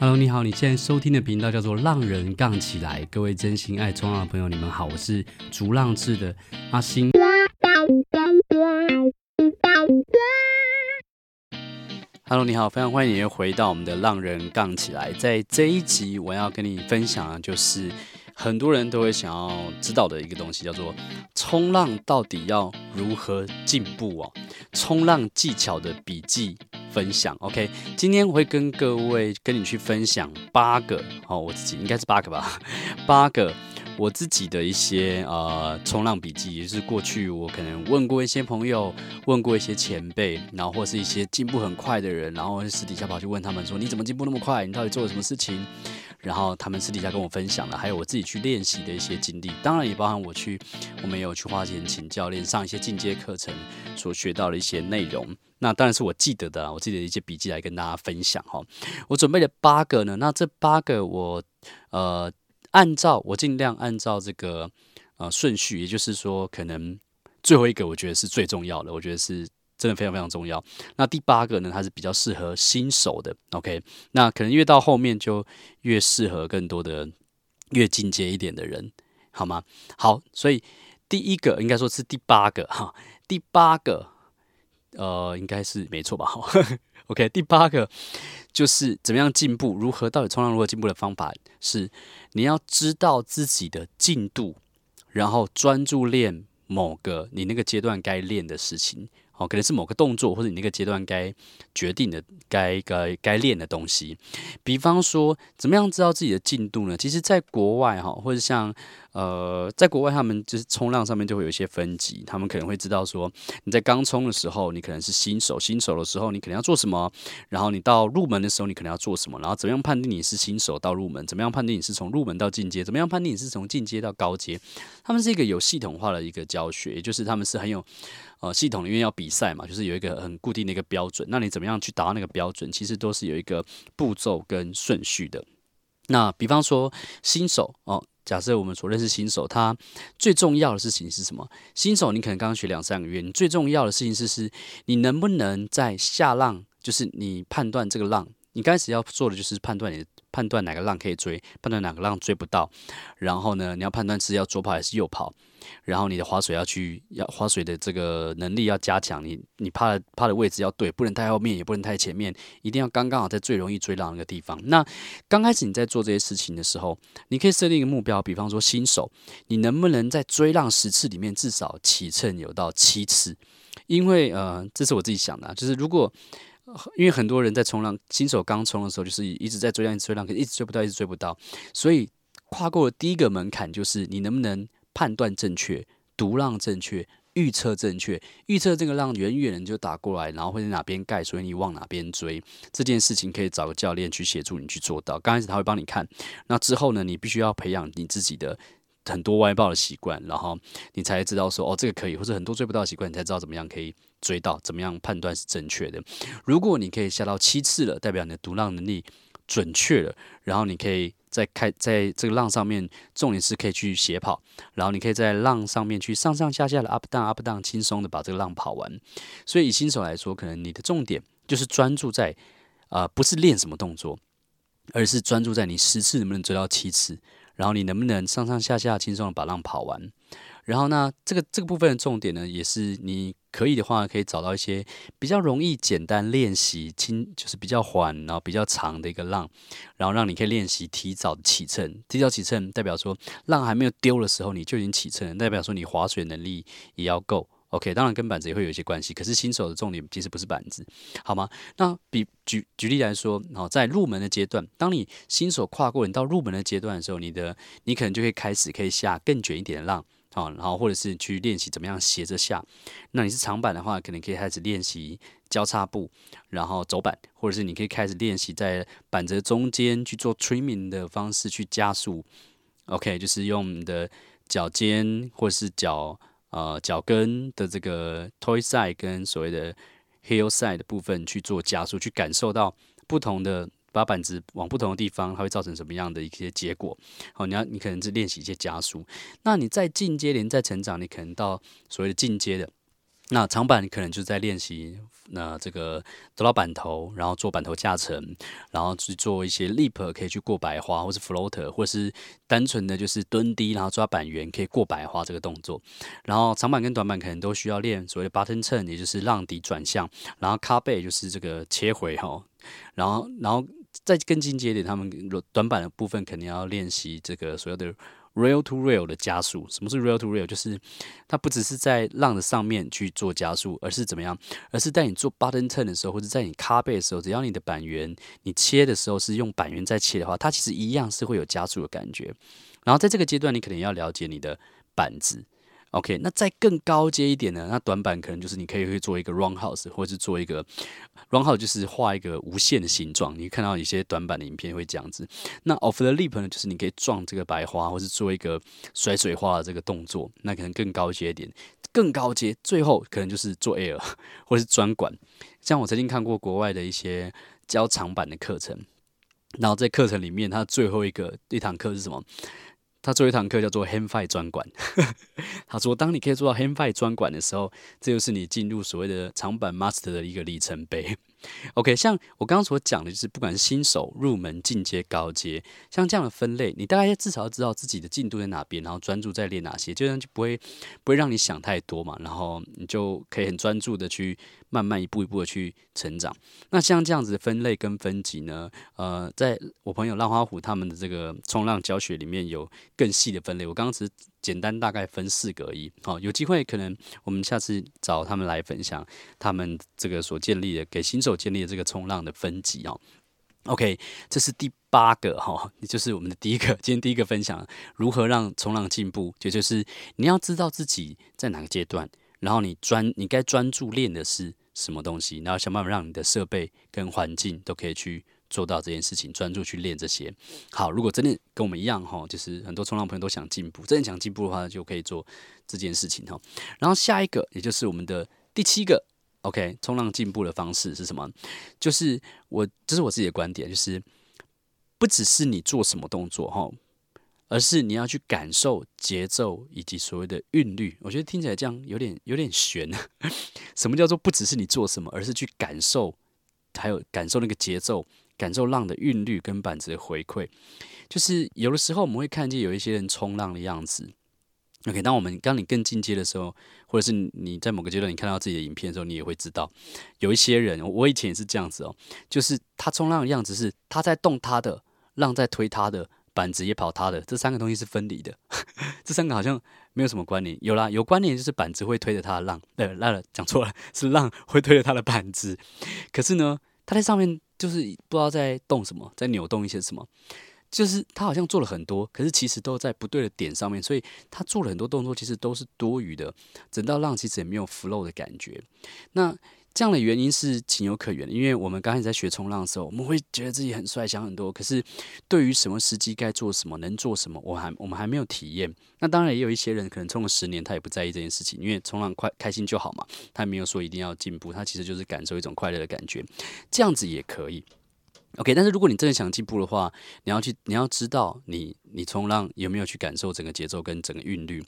Hello，你好！你現在收聽的頻道叫做《浪人槓起來》，各位真心愛衝浪的朋友，你們好，我是逐浪誌的阿星。Hello，你好，非常歡迎你回到我們的《浪人槓起來》。在這一集，我要跟你分享的就是很多人都會想要知道的一個東西，叫做衝浪到底要如何進步哦，衝浪技巧的筆記。分享，OK，今天我會跟各位跟你去分享八個，好、哦，我自己應該是八個吧，八個我自己的一些呃衝浪筆記，也就是過去我可能問過一些朋友，問過一些前輩，然後或是一些進步很快的人，然後私底下跑去問他們說，你怎麼進步那麼快？你到底做了什麼事情？然後他們私底下跟我分享的，還有我自己去練習的一些經歷，當然也包含我去，我們也有去花錢請教練上一些進階課程所學到的一些內容。那當然是我記得的，我自己的一些筆記來跟大家分享哈。我準備了八個呢，那這八個我呃按照我盡量按照這個呃順序，也就是說可能最後一個我覺得是最重要的，我覺得是。真的非常非常重要。那第八個呢？它是比較適合新手的。OK，那可能越到後面就越適合更多的越進階一點的人，好嗎？好，所以第一個應該說是第八個哈。第八個，呃，應該是沒錯吧？好，OK，第八個就是怎麼樣進步？如何到底衝浪如何進步的方法是你要知道自己的進度，然後專注練某個你那個階段該練的事情。哦，可能是某個動作，或者你那個階段該決定的、該該該練的東西。比方說，怎麼樣知道自己的進度呢？其實，在國外哈、哦，或者像呃，在國外，他們就是衝浪上面就會有一些分級，他們可能會知道說你在剛衝的時候，你可能是新手，新手的時候你可能要做什麼，然後你到入門的時候你可能要做什麼，然後怎麼樣判定你是新手到入門，怎麼樣判定你是從入門到進階，怎麼樣判定你是從進階到高階，他們是一個有系統化的一個教學，也就是他們是很有。呃、哦，系統裡面要比賽嘛，就是有一個很固定的一個標準。那你怎麼樣去達到那個標準？其實都是有一個步驟跟順序的。那比方說新手哦，假設我們所認識新手，他最重要的事情是什麼？新手你可能剛剛學兩三個月，你最重要的事情是是，你能不能在下浪，就是你判斷這個浪，你剛開始要做的就是判斷你的。判斷哪個浪可以追，判斷哪個浪追不到，然後呢，你要判斷是要左跑還是右跑，然後你的划水要去，要划水的這個能力要加強，你你趴趴的位置要對，不能太後面，也不能太前面，一定要剛剛好在最容易追浪那個地方。那剛開始你在做這些事情的時候，你可以設定一個目標，比方說新手，你能不能在追浪十次裡面至少起乘有到七次？因為呃，這是我自己想的啊，就是如果因為很多人在衝浪新手剛衝的時候，就是一直在追浪追浪，可是一直追不到，一直追不到。所以跨過的第一個門檻，就是你能不能判斷正確，讀浪正確，預測正確。預測這個浪遠遠就打過來，然後會在哪邊蓋，所以你往哪邊追。這件事情可以找個教練去協助你去做到。剛開始他會幫你看，那之後呢，你必須要培養你自己的。很多歪跑的習慣，然後你才知道說哦，這個可以，或者很多追不到的習慣，你才知道怎麼樣可以追到，怎麼樣判斷是正確的。如果你可以下到七次了，代表你的讀浪能力準確了，然後你可以再開在這個浪上面，重點是可以去斜跑，然後你可以在浪上面去上上下下的 up down, up down，輕鬆的把這個浪跑完。所以以新手來說，可能你的重點就是專注在啊、呃，不是練什麼動作，而是專注在你十次能不能追到七次。然後你能不能上上下下輕鬆的把浪跑完？然後呢，這個這個部分的重點呢，也是你可以的話，可以找到一些比較容易、簡單練習、輕就是比較緩，然後比較長的一個浪，然後讓你可以練習提早起乘。提早起乘代表說浪還沒有丟的時候你就已經起乘了，代表說你划水能力也要夠。OK，當然跟板子也會有一些關係，可是新手的重點其實不是板子，好嗎？那比舉舉例來說，哦，在入門的階段，當你新手跨過，你到入門的階段的時候，你的你可能就會開始可以下更捲一點的浪，好，哦，然後或者是去練習怎麼樣斜着下。那你是長板的話，可能可以開始練習交叉步，然後走板，或者是你可以開始練習在板子中間去做 trimming 的方式去加速。OK，就是用你的腳尖或者是腳。呃，腳跟的這個 toe side 跟所謂的 heel side 的部分去做加速，去感受到不同的把板子往不同的地方，它會造成什麼樣的一些結果。好、哦，你要你可能是練習一些加速，那你在進階連在成長，你可能到所謂的進階的。那長板可能就在練習，那這個走到板頭，然後做板頭架層，然後去做一些 leap 可以去過白花，或是 floater，或是單純的就是蹲低然後抓板圓可以過白花這個動作。然後長板跟短板可能都需要練所謂的 bottom turn，也就是浪底轉向，然後 carve 就是這個切回哈。然後，然後再更進階一點，他們短板的部分肯定要練習這個所有的。Rail to rail 的加速，什麼是 rail to rail？就是它不只是在浪的上面去做加速，而是怎麼樣？而是在你做 bottom turn 的時候，或者在你 carve 的時候，只要你的板緣，你切的時候是用板緣在切的話，它其實一樣是會有加速的感覺。然後在這個階段，你可能要了解你的板子。OK，那再更高階一點呢？那短板可能就是你可以會做一個 roundhouse，或者是做一個 roundhouse，就是畫一個無限的形狀。你看到一些短板的影片會這樣子。那 off the lip 呢，就是你可以撞這個白花，或是做一個甩水花的這個動作。那可能更高階一點，更高階。最後可能就是做 air，或是鑽管。像我曾經看過國外的一些教長板的課程，然後在課程裡面，它最後一個一堂課是什麼？他做一堂課叫做 Hang Five 專管， 他說，當你可以做到 Hang Five 專管的時候，這就是你進入所謂的長板 Master 的一個里程碑。OK，像我剛剛所講的，就是不管是新手、入門、進階、高階，像這樣的分類，你大概至少要知道自己的進度在哪邊，然後專注在練哪些，這樣就不會不會讓你想太多嘛，然後你就可以很專注的去慢慢一步一步的去成長。那像這樣子的分類跟分級呢，呃，在我朋友浪花湖他們的這個衝浪教學裡面有更細的分類。我剛剛只是。簡單大概分四個而已，好，有機會可能我們下次找他們來分享他們這個所建立的給新手建立的這個衝浪的分級哦。OK，這是第八個哈，也就是我們的第一個，今天第一個分享如何讓衝浪進步，也就是你要知道自己在哪個階段，然後你專你該專注練的是什麼東西，然後想辦法讓你的設備跟環境都可以去。做到這件事情，專注去練這些。好，如果真的跟我們一樣哈，就是很多衝浪朋友都想進步，真的想進步的話，就可以做這件事情哈。然後下一個，也就是我們的第七個，OK，衝浪進步的方式是什麼？就是我，這、就是我自己的觀點，就是不只是你做什麼動作哈，而是你要去感受節奏以及所謂的韻律。我覺得聽起來這樣有點有點玄、啊。 什麼叫做不只是你做什麼，而是去感受，還有感受那個節奏？感受浪的韻律跟板子的回饋，就是有的時候我們會看見有一些人衝浪的樣子。OK，當我們當你更進階的時候，或者是你在某個階段你看到自己的影片的時候，你也會知道有一些人，我以前也是這樣子哦，就是他衝浪的樣子是他在動他的浪，在推他的板子也跑他的，這三個東西是分離的， 這三個好像沒有什麼關聯。有啦，有關聯就是板子會推着他的浪，呃，那了講錯了，是浪會推着他的板子。可是呢，他在上面。就是不知道在動什麼，在扭動一些什麼，就是他好像做了很多，可是其實都在不對的點上面，所以他做了很多動作，其實都是多餘的，整道浪其實也沒有 flow 的感覺。那這樣的原因是情有可原的，因為我們剛開始在學衝浪的時候，我們會覺得自己很帥，想很多。可是，對於什麼時機該做什麼、能做什麼，我還我們還沒有體驗。那當然也有一些人可能衝了十年，他也不在意這件事情，因為衝浪快開心就好嘛，他沒有說一定要進步，他其實就是感受一種快樂的感覺，這樣子也可以。OK，但是如果你真的想進步的話，你要去，你要知道你你衝浪有沒有去感受整個節奏跟整個韻律。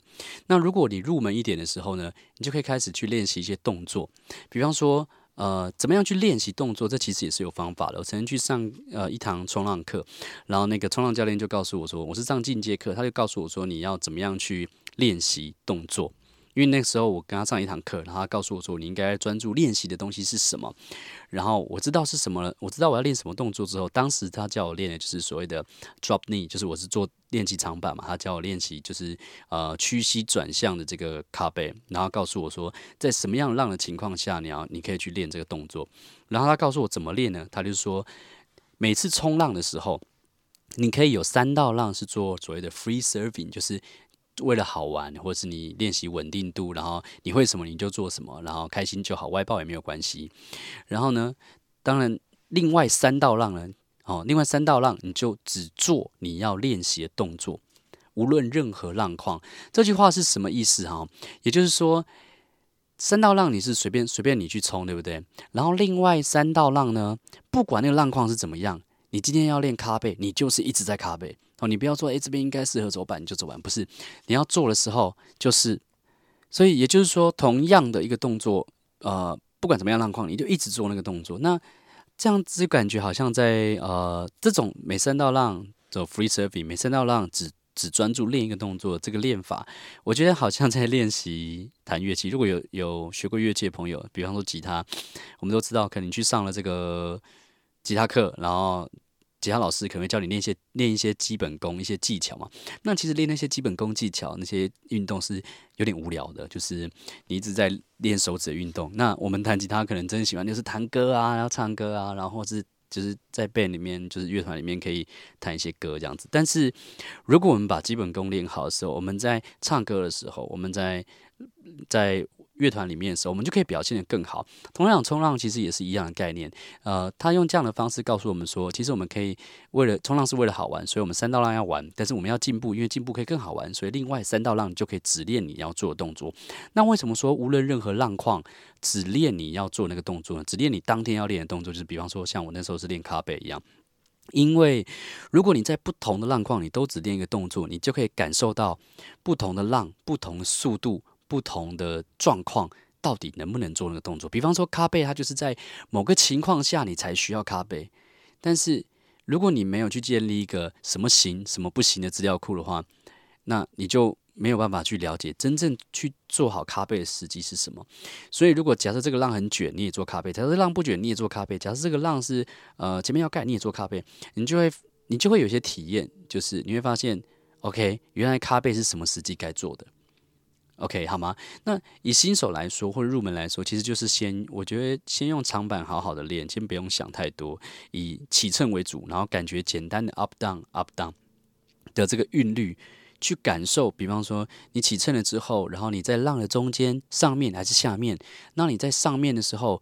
那如果你入門一點的時候呢，你就可以開始去練習一些動作。比方說，呃，怎麼樣去練習動作？這其實也是有方法的。我曾經去上呃一堂衝浪課，然後那個衝浪教練就告訴我說，我是上進階課，他就告訴我說，你要怎麼樣去練習動作。因為那個時候我跟他上一堂課，然後他告訴我說：“你應該專注練習的東西是什麼？”然後我知道是什麼了，我知道我要練什麼動作之後，當時他叫我練的就是所謂的 drop knee，就是我是做練習長板嘛，他叫我練習就是呃屈膝轉向的這個 cutback，然後告訴我說在什麼樣的浪的情況下，你要你可以去練這個動作，然後他告訴我怎麼練呢？他就說每次衝浪的時候，你可以有三道浪是做所謂的 free serving，就是。為了好玩，或是你練習穩定度，然後你會什麼你就做什麼，然後開心就好，外爆也沒有關係。然後呢，當然另外三道浪呢，哦，另外三道浪你就只做你要練習的動作，無論任何浪況。這句話是什麼意思哈、啊？也就是說，三道浪你是隨便隨便你去衝，對不對？然後另外三道浪呢，不管那個浪況是怎麼樣。你今天要練卡背，你就是一直在卡背哦。你不要說，誒這邊應該適合走板，你就走板，不是。你要做的時候就是，所以也就是說，同樣的一個動作，呃，不管怎麼樣浪況，你就一直做那個動作。那這樣子感覺好像在呃，這種每三道浪走 free surfing，每三道浪只只專注另一個動作。這個練法，我覺得好像在練習彈樂器。如果有有學過樂器的朋友，比方說吉他，我們都知道，可能你去上了這個。吉他課，然後吉他老師可能會教你練一些練一些基本功、一些技巧嘛。那其實練那些基本功、技巧那些運動是有點無聊的，就是你一直在練手指的運動。那我們彈吉他可能真喜歡就是彈歌啊，然後唱歌啊，然後或是就是在 band 裡面，就是樂團裡面可以彈一些歌這樣子。但是如果我們把基本功練好的時候，我們在唱歌的時候，我們在在。樂團裡面的時候，我們就可以表現得更好。同樣，衝浪其實也是一樣的概念。呃，他用這樣的方式告訴我們說，其實我們可以為了衝浪是為了好玩，所以我們三道浪要玩，但是我們要進步，因為進步可以更好玩，所以另外三道浪就可以只練你要做的動作。那為什麼說無論任何浪況，只練你要做那個動作呢？只練你當天要練的動作，就是比方說像我那時候是練卡背一樣。因為如果你在不同的浪況，你都只練一個動作，你就可以感受到不同的浪、不同的速度。不同的狀況到底能不能做那個動作？比方說，卡背它，就是在某個情況下你才需要卡背。但是如果你沒有去建立一個什麼行、什麼不行的資料庫的話，那你就沒有辦法去了解真正去做好卡背的時機是什麼。所以，如果假設這個浪很捲，你也做卡背；假設這浪不捲，你也做卡背；假設這個浪是呃前面要蓋，你也做卡背，你就會你就會有些體驗，就是你會發現，OK，原來卡背是什麼時機該做的。OK 好嗎？那以新手來說，或者入門來說，其實就是先，我覺得先用長板好好的練，先不用想太多，以起乘為主，然後感覺簡單的 up down up down 的這個韻律，去感受。比方說，你起乘了之後，然後你在浪的中間、上面還是下面？那你在上面的時候，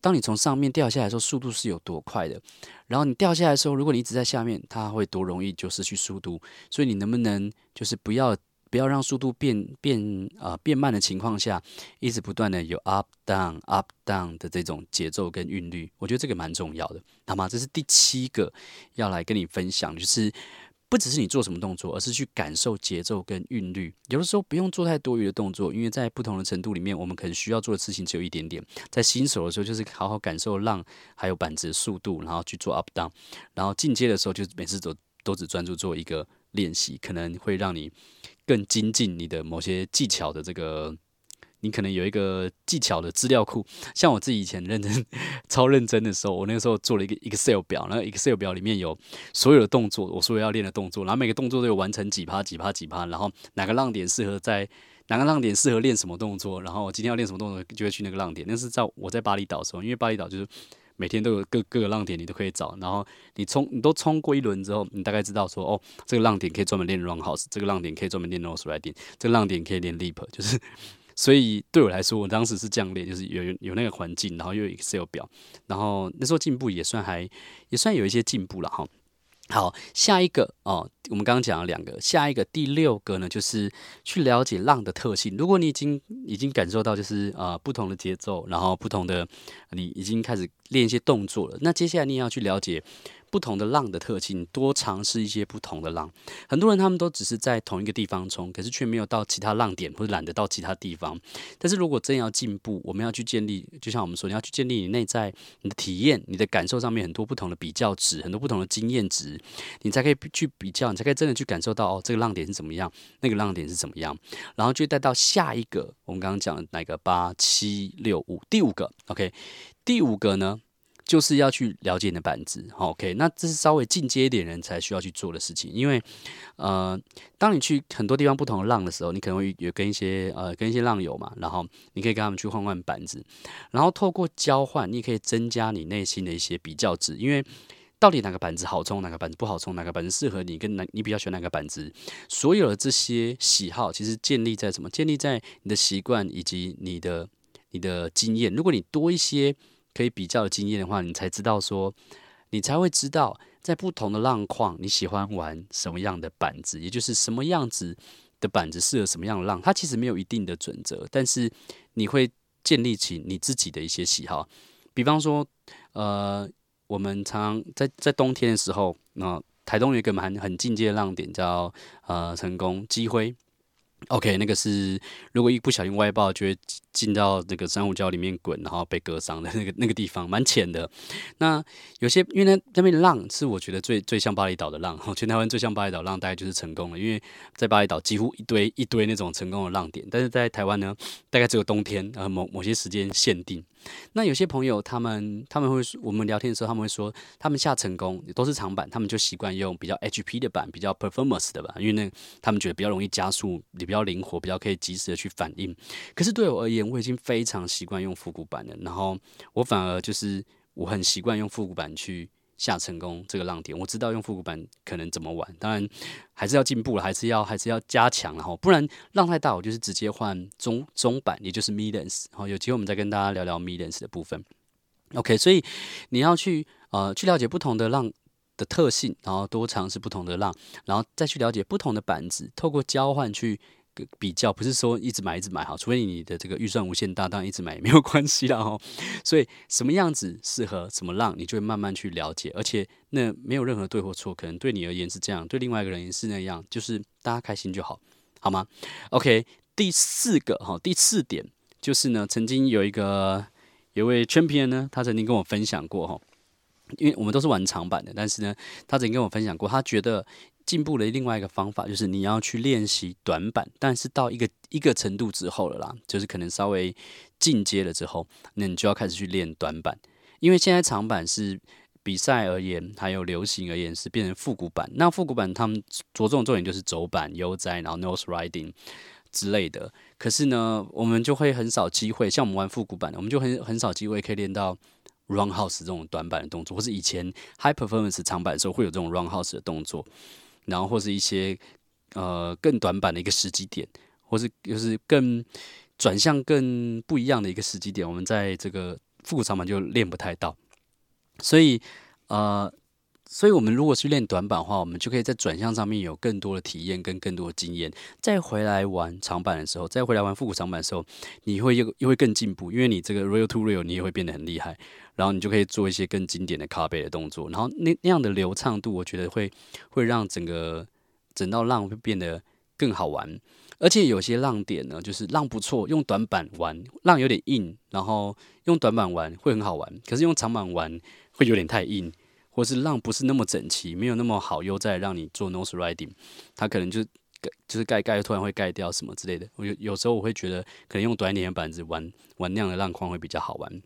當你從上面掉下來的時候，速度是有多快的？然後你掉下來的時候，如果你一直在下面，它會多容易就失去速度？所以你能不能就是不要？不要讓速度變變啊、呃、變慢的情況下，一直不斷的有 up down up down 的這種節奏跟韻律，我覺得這個蠻重要的。好嗎？這是第七個要來跟你分享，就是不只是你做什麼動作，而是去感受節奏跟韻律。有的時候不用做太多餘的動作，因為在不同的程度裡面，我們可能需要做的事情只有一點點。在新手的時候，就是好好感受浪還有板子的速度，然後去做 up down；然後進階的時候，就每次都都只專注做一個練習，可能會讓你。更精進你的某些技巧的這個，你可能有一個技巧的資料庫。像我自己以前認真、超認真的時候，我那時候做了一個 Excel 表，然後 Excel 表裡面有所有的動作，我所有要練的動作，然後每個動作都有完成幾趴、幾趴、幾趴，然後哪個浪點適合在哪個浪點適合練什麼動作，然後我今天要練什麼動作就會去那個浪點。但是在我在巴厘島的時候，因為巴厘島就是。每天都有各各個浪點，你都可以找。然後你衝，你都衝過一輪之後，你大概知道說，哦，這個浪點可以專門練 roundhouse，這個浪點可以專門練 nose riding，這個浪點可以練 lip。就是，所以對我來說，我當時是這樣練，就是有有那個環境，然後又有 excel 表，然後那時候進步也算還，也算有一些進步了哈。好，下一個哦，我們剛剛講了兩個，下一個第六個呢，就是去了解浪的特性。如果你已經已經感受到，就是呃不同的節奏，然後不同的，你已經開始練一些動作了，那接下來你也要去了解。不同的浪的特性，多嘗試一些不同的浪。很多人他們都只是在同一個地方衝，可是卻沒有到其他浪點，或者懶得到其他地方。但是如果真要進步，我們要去建立，就像我們說，你要去建立你內在你的體驗、你的感受上面很多不同的比較值，很多不同的經驗值，你才可以去比較，你才可以真的去感受到哦，這個浪點是怎麼樣，那個浪點是怎麼樣，然後就帶到下一個。我們剛剛講的那個八七六五第五個，OK，第五個呢？就是要去了解你的板子，好，OK？那這是稍微進階一點人才需要去做的事情，因為，呃，當你去很多地方不同的浪的時候，你可能會有跟一些呃，跟一些浪友嘛，然後你可以跟他們去換換板子，然後透過交換，你可以增加你內心的一些比較值，因為到底哪個板子好衝，哪個板子不好衝，哪個板子適合你，跟哪你比較喜歡哪個板子，所有的這些喜好其實建立在什麼？建立在你的習慣以及你的你的經驗。如果你多一些。可以比較經驗的話，你才知道說，你才會知道在不同的浪況，你喜歡玩什麼樣的板子，也就是什麼樣子的板子適合什麼樣的浪。它其實沒有一定的準則，但是你會建立起你自己的一些喜好。比方說，呃，我們常、常在在冬天的時候，那、呃、台東有一個蠻很進階的浪點，叫呃成功基翬。OK，那個是如果一不小心歪爆，就會進到那個珊瑚礁裡面滾，然後被割傷的那個那個地方，蠻淺的。那有些因為呢，那邊浪是我覺得最最像巴厘島的浪，全台灣最像巴厘島浪大概就是成功了，因為在巴厘島幾乎一堆一堆那種成功的浪點，但是在台灣呢，大概只有冬天啊、呃、某某些時間限定。那有些朋友，他們他們會，我們聊天的時候，他們會說，他們下成功都是長板，他們就習慣用比較 HP 的板，比較 performance 的板，因為那他們覺得比較容易加速，也比較靈活，比較可以及時的去反應。可是對我而言，我已經非常習慣用復古板了，然後我反而就是我很習慣用復古板去。下成功這個浪點，我知道用復古板可能怎麼玩，當然還是要進步了，還是要還是要加強，然後不然浪太大，我就是直接換中中板，也就是 mid-length 好，有機會我們再跟大家聊聊 mid-length 的部分。OK，所以你要去呃去了解不同的浪的特性，然後多嘗試不同的浪，然後再去了解不同的板子，透過交換去。比較不是說一直買一直買哈，除非你的這個預算無限大，當然一直買也沒有關係啦哈。所以什麼樣子適合什麼浪，你就會慢慢去了解，而且那沒有任何對或錯，可能對你而言是這樣，對另外一個人也是那樣，就是大家開心就好，好嗎？OK，第四個哈，第四點就是呢，曾經有一個有一位 Champion 呢，他曾經跟我分享過哈，因為我們都是玩長板的，但是呢，他曾經跟我分享過，他覺得。進步的另外一個方法就是你要去練習短板，但是到一個一個程度之後了啦，就是可能稍微進階了之後，那你就要開始去練短板。因為現在長板是比賽而言，還有流行而言是變成復古板。那復古板他們着重重點就是走板悠哉，然後 nose riding 之類的。可是呢，我們就會很少機會，像我們玩復古板的，我們就很很少機會可以練到 roundhouse 這種短板的動作，或是以前 high performance 長板的時候會有這種 roundhouse 的動作。然後或是一些，呃，更短板的一個時機點，或是就是更轉向更不一樣的一個時機點，我們在這個復古長板就練不太到，所以，呃。所以，我們如果是練短板的話，我們就可以在轉向上面有更多的體驗跟更多的經驗。再回來玩長板的時候，再回來玩復古長板的時候，你會又又會更進步，因為你這個 rail to rail，你也會變得很厲害。然後你就可以做一些更經典的卡背的動作。然後那那樣的流暢度，我覺得會會讓整個整道浪會變得更好玩。而且有些浪點呢，就是浪不錯，用短板玩，浪有點硬，然後用短板玩會很好玩。可是用長板玩會有點太硬。或是浪不是那麼整齊，沒有那麼好在，又再讓你做 nose riding，它可能就蓋，就是蓋蓋突然會蓋掉什麼之類的。我有有時候我會覺得，可能用短一點的板子玩玩那樣的浪況會比較好玩。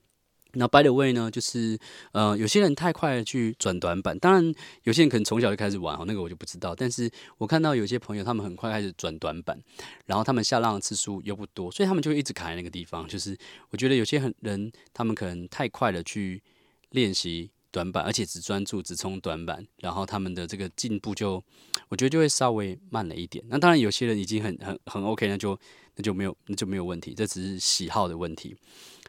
那 By the way 呢？就是呃，有些人太快的去轉短板，當然有些人可能從小就開始玩，哦，那個我就不知道。但是我看到有些朋友他們很快開始轉短板，然後他們下浪的次數又不多，所以他們就一直卡在那個地方。就是我覺得有些很人，他們可能太快的去練習。短板，而且只專注只衝短板，然後他們的這個進步就，我覺得就會稍微慢了一點。那當然有些人已經很很很 OK，那就那就沒有那就沒有問題，這只是喜好的問題。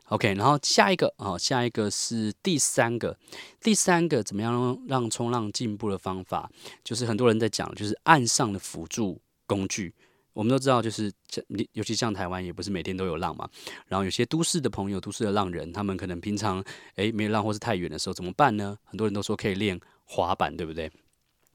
OK，然後下一個啊、哦，下一個是第三個，第三個怎麼樣讓讓衝浪進步的方法，就是很多人在講，就是岸上的輔助工具。我們都知道，就是像你，尤其像台灣，也不是每天都有浪嘛。然後有些都市的朋友，都市的浪人，他們可能平常誒沒有浪或是太遠的時候怎麼辦呢？很多人都說可以練滑板，對不對？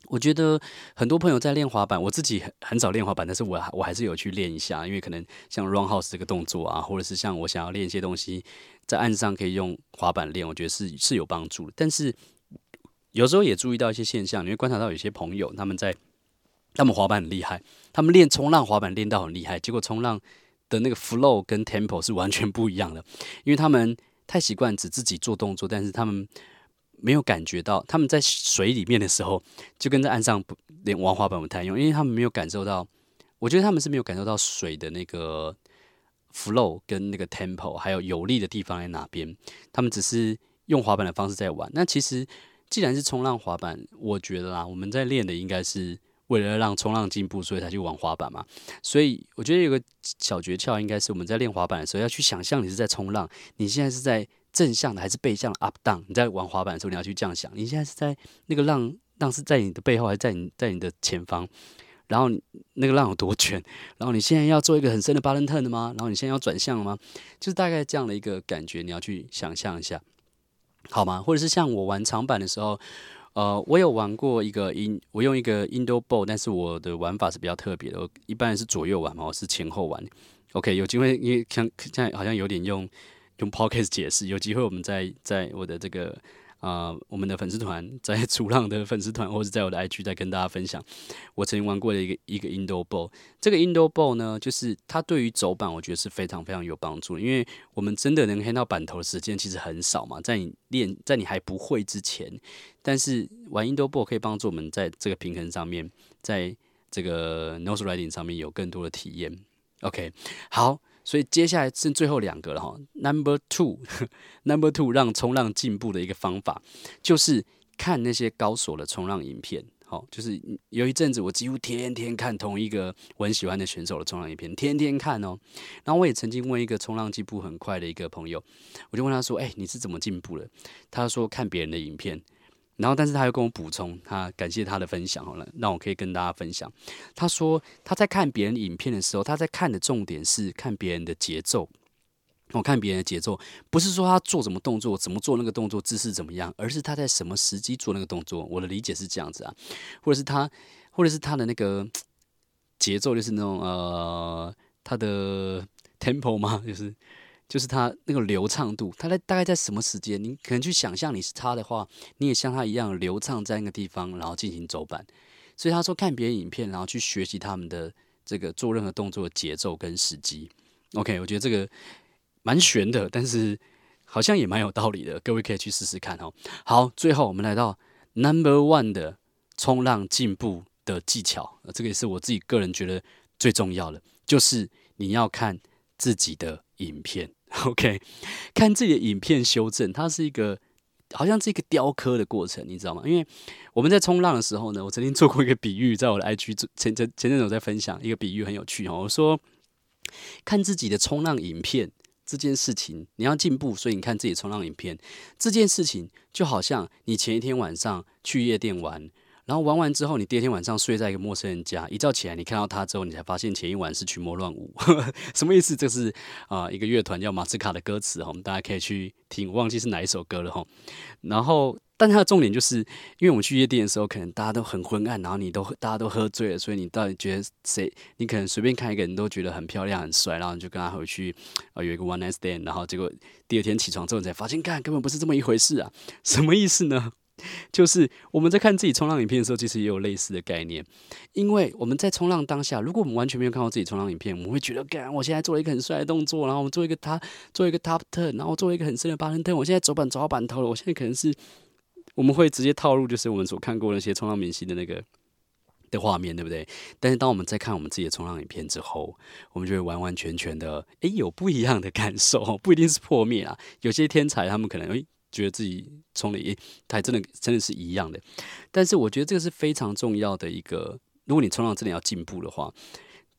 我覺得很多朋友在練滑板，我自己很很少練滑板，但是我我還是有去練一下，因為可能像 roundhouse 這個動作啊，或者是像我想要練一些東西，在岸上可以用滑板練，我覺得是是有幫助的。但是有時候也注意到一些現象，你會觀察到有些朋友他們在。他們滑板很厲害，他們練衝浪滑板練到很厲害，結果衝浪的那個 flow 跟 tempo 是完全不一樣的，因為他們太習慣只自己做動作，但是他們沒有感覺到他們在水裡面的時候，就跟在岸上不連玩滑板不太一樣，因為他們沒有感受到，我覺得他們是沒有感受到水的那個 flow 跟那個 tempo，還有有力的地方在哪邊，他們只是用滑板的方式在玩。那其實既然是衝浪滑板，我覺得啦，我們在練的應該是。為了讓衝浪進步，所以才去玩滑板嘛。所以我覺得有個小訣竅，應該是我們在練滑板的時候要去想象你是在衝浪，你現在是在正向的還是背向的 up down？你在玩滑板的時候，你要去這樣想：你現在是在那個浪，浪是在你的背後還是在你，在你的前方？然後那個浪有多捲？然後你現在要做一個很深的巴倫特的嗎？然後你現在要轉向了嗎？就是大概這樣的一個感覺，你要去想象一下，好嗎？或者是像我玩長板的時候。呃，我有玩過一個音，我用一個 Indo Board，但是我的玩法是比較特別的，我一般是左右玩嘛，我是前後玩。OK，有機會，因為像現在好像有點用用 podcast 解釋，有機會我們再在，在我的這個。啊、呃，我們的粉絲團在逐浪的粉絲團，或者是在我的 IG，在跟大家分享我曾經玩過的一個一個 Indo Ball。這個 Indo Ball 呢，就是它對於走板，我覺得是非常非常有幫助的，因為我們真的能 hang 到板頭的時間其實很少嘛。在你練，在你還不會之前，但是玩 Indo Ball 可以幫助我們在這個平衡上面，在這個 Nose Riding 上面有更多的體驗。OK，好。所以接下來剩最後兩個了哈，Number two，Number two 讓衝浪進步的一個方法，就是看那些高手的衝浪影片。好，就是有一陣子我幾乎天天看同一個我很喜歡的選手的衝浪影片，天天看哦。然後我也曾經問一個衝浪進步很快的一個朋友，我就問他說：“哎，你是怎麼進步的？”他說：“看別人的影片。”然後，但是他又跟我補充，他感謝他的分享，好了，那我可以跟大家分享。他說他在看別人影片的時候，他在看的重點是看別人的節奏。我、哦、看別人的節奏，不是說他做什麼動作，怎麼做那個動作，姿勢怎麼樣，而是他在什麼時機做那個動作。我的理解是這樣子啊，或者是他，或者是他的那個節奏，就是那種呃，他的 tempo 嗎？就是。就是他那個流暢度，他在大概在什麼時間？你可能去想象你是他的話，你也像他一樣流暢在那個地方，然後進行走板。所以他說看別人影片，然後去學習他們的這個做任何動作的節奏跟時機。OK，我覺得這個蠻玄的，但是好像也蠻有道理的。各位可以去試試看哦、喔。好，最後我們來到 Number One 的衝浪進步的技巧、啊，這個也是我自己個人覺得最重要的，就是你要看自己的影片。OK，看自己的影片修正，它是一個，好像是一個雕刻的過程，你知道嗎？因為我們在衝浪的時候呢，我曾經做過一個比喻，在我的 IG 前前前陣子我在分享一個比喻，很有趣哦，我說看自己的衝浪影片這件事情，你要進步，所以你看自己衝浪影片這件事情，就好像你前一天晚上去夜店玩。然後玩完之後，你第二天晚上睡在一個陌生人家，一覺起來你看到他之後，你才發現前一晚是群魔亂舞， 什麼意思？這是啊，一個樂團叫馬斯卡的歌詞，我們大家可以去聽，忘記是哪一首歌了吼，然後，但它的重點就是，因為我們去夜店的時候，可能大家都很昏暗，然後你都大家都喝醉了，所以你到底覺得誰？你可能隨便看一個人都覺得很漂亮、很帥，然後你就跟他回去，啊，有一個 one night stand，然後結果第二天起床之後你才發現幹，幹根本不是這麼一回事啊，什麼意思呢？就是我們在看自己衝浪影片的時候，其實也有類似的概念。因為我們在衝浪當下，如果我們完全沒有看過自己衝浪影片，我們會覺得，幹，我現在做了一個很帥的動作，然後我們做一個他做一個 top turn，然後做一個很深的 bottom turn，我現在走板走到板頭了，我現在可能是我們會直接套路，就是我們所看過的那些衝浪明星的那個的畫面對不對？但是當我們在看我們自己的衝浪影片之後，我們就會完完全全的，哎、欸，有不一樣的感受，不一定是破滅啊。有些天才他們可能會。覺得自己衝了，他真的真的是一樣的。但是我覺得這個是非常重要的一個，如果你衝浪真的要進步的話，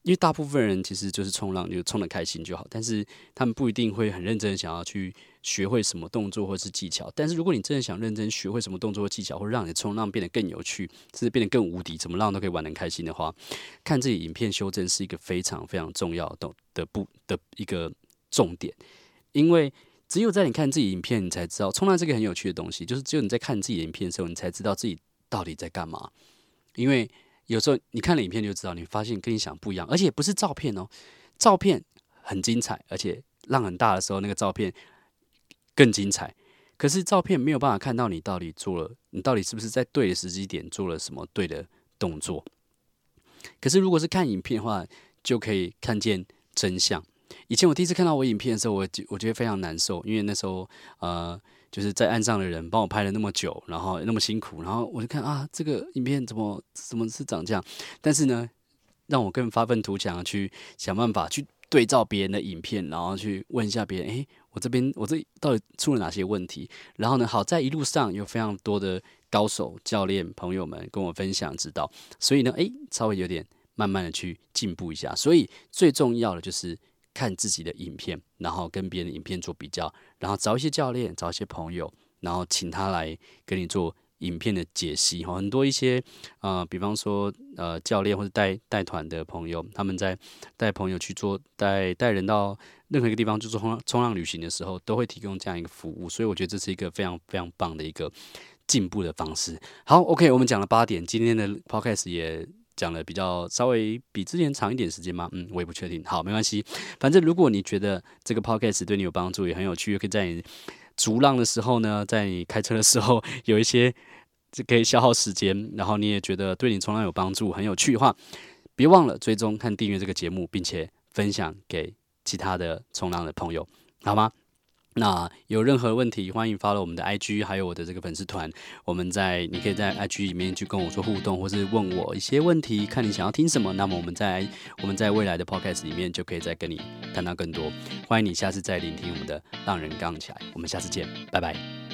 因為大部分人其實就是衝浪就衝得開心就好，但是他們不一定會很認真想要去學會什麼動作或是技巧。但是如果你真的想認真學會什麼動作或技巧，或讓你衝浪變得更有趣，甚至變得更無敵，怎麼浪都可以玩得開心的話，看自己影片修正是一個非常非常重要的不的一個重點，因為。只有在你看自己影片，你才知道衝浪這個很有趣的東西。就是只有你在看自己的影片的時候，你才知道自己到底在幹嘛。因為有時候你看了影片就知道，你發現跟你想不一樣，而且不是照片哦。照片很精彩，而且浪很大的時候，那個照片更精彩。可是照片沒有辦法看到你到底做了，你到底是不是在對的時機點做了什麼對的動作。可是如果是看影片的話，就可以看見真相。以前我第一次看到我影片的時候，我我覺得非常難受，因為那時候呃，就是在岸上的人幫我拍了那麼久，然後那麼辛苦，然後我就看啊，這個影片怎麼怎麼是長這樣？但是呢，讓我更發憤圖強，去想辦法去對照別人的影片，然後去問一下別人，哎，我這邊我這到底出了哪些問題？然後呢，好在一路上有非常多的高手、教練、朋友們跟我分享指導，所以呢，哎，稍微有點慢慢的去進步一下。所以最重要的就是。看自己的影片，然後跟別人的影片做比較，然後找一些教練，找一些朋友，然後請他來跟你做影片的解析。很多一些呃，比方說呃，教練或者帶帶團的朋友，他們在帶朋友去做帶帶人到任何一個地方去做衝衝浪旅行的時候，都會提供這樣一個服務。所以我覺得這是一個非常非常棒的一個進步的方式。好，OK，我們講了八點，今天的 Podcast 也講的比較稍微比之前長一點時間嗎？嗯，我也不確定。好，沒關係。反正如果你覺得這個 podcast 對你有幫助，也很有趣，可以在你逐浪的時候呢，在你開車的時候有一些可以消耗時間，然後你也覺得對你衝浪有幫助、很有趣的話，別忘了追蹤、看訂閱這個節目，並且分享給其他的衝浪的朋友，好嗎？那有任何問題，歡迎發到我們的 IG，還有我的這個粉絲團。我們在你可以在 IG 裡面去跟我說互動，或是問我一些問題，看你想要聽什麼。那麼我們在我們在未來的 Podcast 裡面就可以再跟你談到更多。歡迎你下次再聆聽我們的《浪人槓起來》，我們下次見，拜拜。